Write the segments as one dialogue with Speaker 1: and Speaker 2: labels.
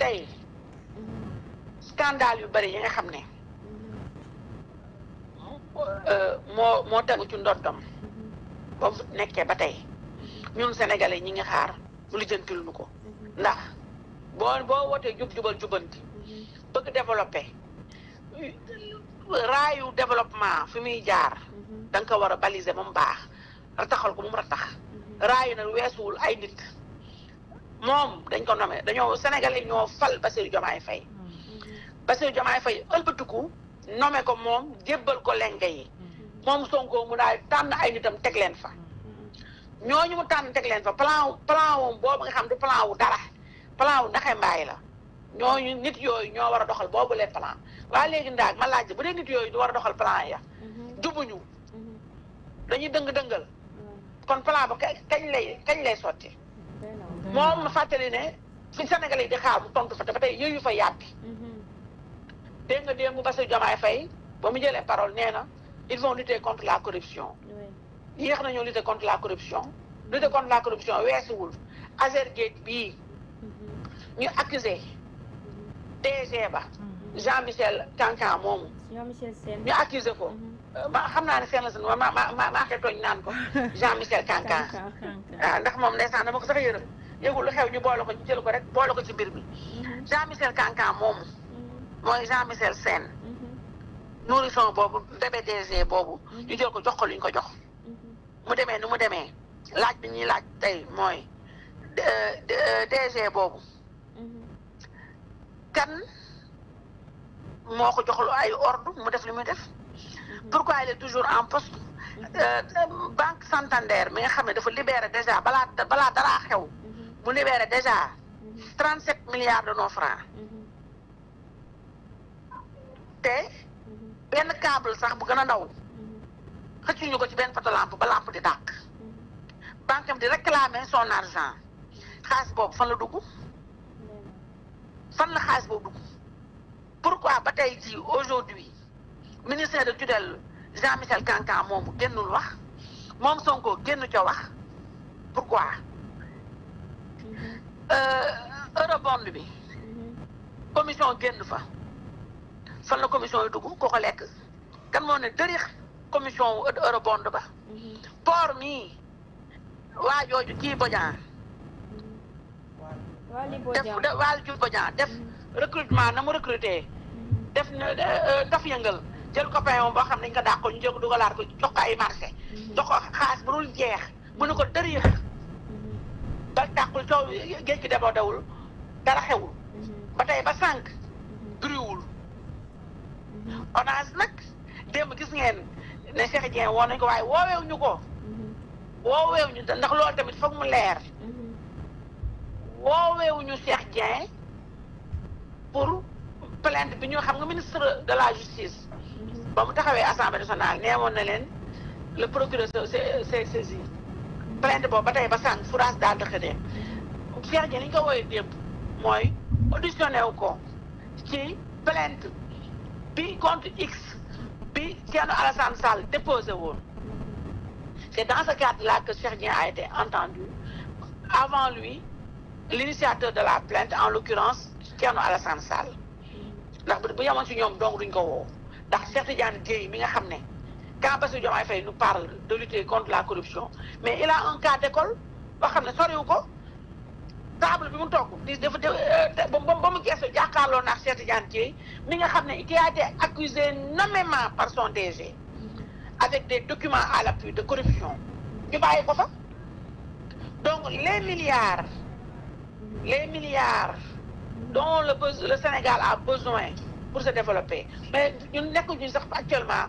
Speaker 1: tey scandale yu bëri yi nga xam ne moo moo tegu ci ndoddom ba nekkee ba tey ñun sénégalais ñi ngi xaar mu lijjantil ñu ko ndax boo boo wootee jub jubal jubanti bëgg développé raayu développement fi muy jaar da nga ko war a baliser moom baax rataxal ko moom ratax raayu nag weesuwul ay nit moom dañ ko nommé dañoo sénégalais ñoo fal Bassirou Diomaye Faye mm-hmm. Mm-hmm. Bassirou jomaay fay ëlbatiku nommé ko moom jébbal ko lenge yi mm-hmm. moom Sonko mu tànn ay nitam teg leen fa ñooñu mu tànn teg leen fa plan plan wu boobu nga xam du plan wu dara plan wu ndaxe mbaay la ñooñu nit yooyu ñoo war a doxal boobu les plan waaye léegi ndaag ma laaj bu dee nit yooyu du war a doxal plan ya jubuñu dañuy dëng-dëngal kon plan ba kañ lay kañ lay sotti moom ma fàttali ne fi Sénégal yi di xaar bu tontu fa ba tey yooyu fa yàbbi dégg nga démb Bassirou Diomaye Faye ba mu jëlee parole nee na ils vont lutter contre la corruption yéex nañoo lutter contre la corruption lutter contre la corruption weesuwul Azergate bii ñu accusé DG ba Jean Michel Kankan moomu ñu accusé ko ma xam naa ne seen la seen ma ma ma maa xee tooñ naan ko Jean Michel Kankan waaw ndax moom saan dama ko sax yërëm yëgul lu xew ñu boole ko ñu jël ko rek boole ko ci mbir mi mhm. Jean Michel Kankan moomu mhm. mooy Jean Michel seen mhm. nourrisson boobu bébé DG boobu ñu jël ko jox ko luñ ko jox mu demee nu mu demee laaj bi ñuy laaj tey mooy DG boobu kan moo ko jox ay ordre mu def li muy def pourquoi il est toujours en poste euh, euh, banque Santander mi nga xam ne dafa libéré déjà balaa balaa daraa xew mu libéré déjà trente sept milliards de nos francs te benn câble sax bu gën a ndaw xëccuñu ko ci benn poto lampe ba lampe di dàq banque am di réclamer son argent xaalis Bob, fan la dugg fan la xaalis boobu dugg pourquoi ba tey jii aujourd'hui ministère de tutelle Jean Michel Kankan moomu génnul wax moom Sonko génn ca wax pourquoi Euh, eurobond bi commission génn fa fan la commission yi dugg ku ko lekk kan moo ne dërix commission eurobond ba port mii waa jooju kii bojaan def mm-hmm. mm-hmm. def na mu recruter def na daf yëngal jël copain boo xam ne ñu ko dàq ko ñu jël dugalaat ko jox ko ay marché mm-hmm. jox xaas bu dul jeex mu ne ko dërix dal tàqul coow géej gi débordé wul dara xewul mhm. ba tey ba sànq griwul mhm. mhm. onage nag démb gis ngeen ne Cheikh Dieng woo nañ ko waaye wooweew ñu ko wooweew ñu ndax loolu tamit foog mu leer wooweew ñu Cheikh Dieng pour plainte bi ñu xam nga ministre de la justice ba mu taxawee assemblée nationale nee woon na leen le procureur s'est saisi plainte boobu batay tey ba sànq France daal di ko dem Cheikh Dieng li ñu ko auditionné wu ko ci plainte bi contre X bi Thierno Alassane Sall déposé woon c'est dans ce cadre là que Cheikh a été entendu avant lui l'initiateur de la plainte en l'occurrence Thierno Alassane Sall ndax bu yemoon ci ñom donc duñ ko wo ndax Cheikh Tidiane mi nga xamné quand Bassirou Diomaye nous parle de lutter contre la corruption mais il a un cas d'école boo ne ko table bi mu tok di dafa euh, ba mu geesu a Cheikh Tidiane Dièye nga xamné il a été accusé nommément par son DG avec des documents à l'appui de corruption ñu ko fa donc les milliards les milliards dont le, Sénégal a besoin pour se développer mais ñun nekk ñu sax actuellement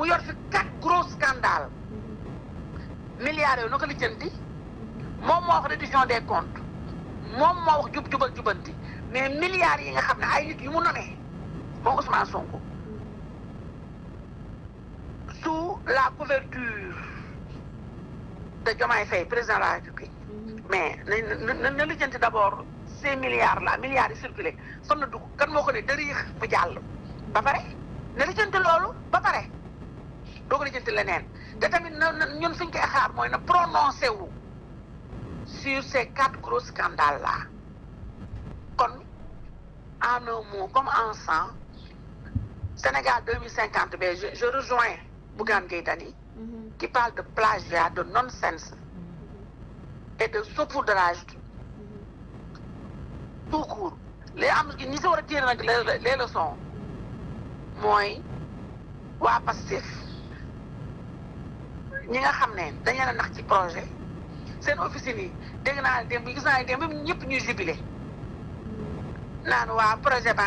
Speaker 1: Il y a quatre gros scandales. Milliards, nous avons dit, moi, je suis révision des comptes. Moi, je suis en train de Mais milliards, il y a des gens qui ont dit, je suis Sous la couverture de Jomai Faye, président de la République. Mais nous avons dit d'abord, ces milliards là, milliards circulés, sont nous, quand nous avons des dérives, rire, de rire. Pas pareil? Nous avons dit, de pas donc les gens leneen te tamit prononcé sur ces quatre gros scandales là comme ensemble, Sénégal 2050, ben, je rejoins Bougane Gaïdani mhm. qui parle de plagiat de non mhm. et de saupoudrage mhm. tout court les âmes qui n'y sont les leçons mooy ñi nga xam ne dañu la nax ci projet seen officine dégg naa démb gis naa démb ñëpp ñuy jubilé naan waa projet ba